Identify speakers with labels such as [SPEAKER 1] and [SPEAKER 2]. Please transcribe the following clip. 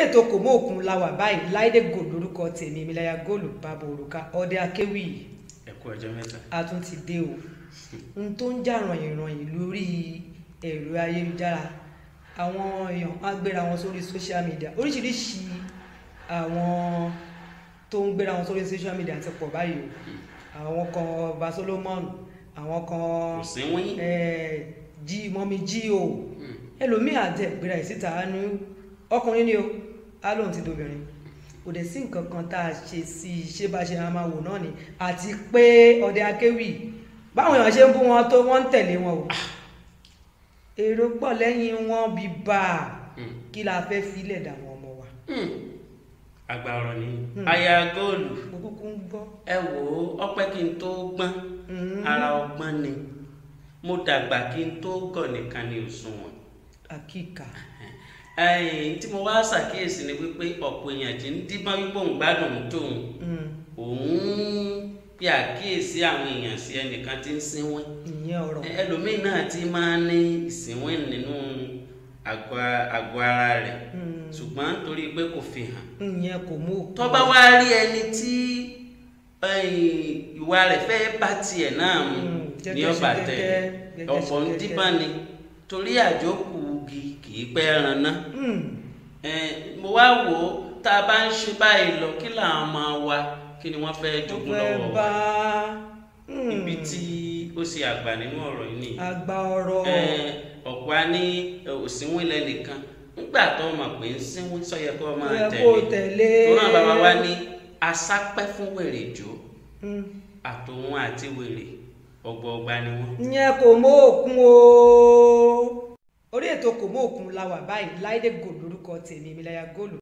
[SPEAKER 1] orí ètò kò mọ òkun la wà báyìí láìdé gò lórúkọ tèmi ìmìlẹyà góòlù bàbá òrùka ọdẹ akéwì
[SPEAKER 2] ẹkú ọjọ́ mẹ́ta
[SPEAKER 1] a tún ti dé o n tó ń jà rànyìnrànyìn lórí ẹ̀rọ ayélujára àwọn èèyàn á gbéra wọn sórí social media oríṣiríṣi àwọn tó ń gbéra wọn sórí social media ti pọ̀ báyìí o àwọn kan ọba solomon àwọn kan jí mọ́mí jí o hmm. ẹlòmíì àti ẹ̀gbéra ìsíta ni ọkùnrin ni o. Mm á lóun ti dobìnrin kò dẹ̀ sí nǹkan kan tá a ṣe sí i ṣé bá ṣe máa wò náà ni àti pé ọdẹ akéwì báwọn èèyàn ṣe ń bú wọn tó wọ́n ń tẹ̀lé wọn o èrò pọ̀ lẹ́yìn wọn bí bá a kí la fẹ́ filẹ̀
[SPEAKER 2] dà wọn ọmọ wa. Hmm. àgbà ọ̀rọ̀ ni hmm. aya góòlù ẹ wò ó ọpẹ́ kí n tó gbọ́n hmm. ara ọgbọ́n ni mo dàgbà kí n tó gọ̀ nìkan ni òṣùwọ̀n. àkíkà ẹyìn tí mo wá ṣàkíyèsí ni wípé ọ̀pọ̀ èèyàn ti ń díbọ́n wípé òun gbádùn tóun hmm. òun pé àkíyèsí àwọn èèyàn sí ẹnìkan tí ń sínwín ẹlòmíín náà ti máa ń ní ìsínwín nínú àgọ́ ara rẹ̀ hmm. ṣùgbọ́n torí pé kò fi hàn tó bá wá rí ẹni tí ìwà rẹ̀ fẹ́ bá tiẹ̀ náà mu hmm. ní ọ̀bàtẹ̀ ọ̀pọ̀ ń díbọ́n ni torí àjókù igi kì í pẹ́ ranná hmm. mo wá wò ó tá a bá ń ṣe báyìí lọ kí làwọn máa wa kí ni wọ́n fẹ́ jogún lọ́wọ́ wa hmm. ibi tí ó ṣe àgbà nínú ọ̀rọ̀ yìí nìyí àgbà ọ̀rọ̀ ọ̀pọ̀ á ní òsínwó nìkan nígbà tó o pé ń sínwó sọ́yẹ kó o máa tó náà bàbá wa ní asápẹ́ fún wèrè jò hmm. àtòun àti wèrè ọgbọọgba ni wọn. ìyẹn
[SPEAKER 1] kò mọ òkun o orí ètò kò mọ òkun la wà báyìí láìdé lórúkọ tèmi ìmìláyà góòlù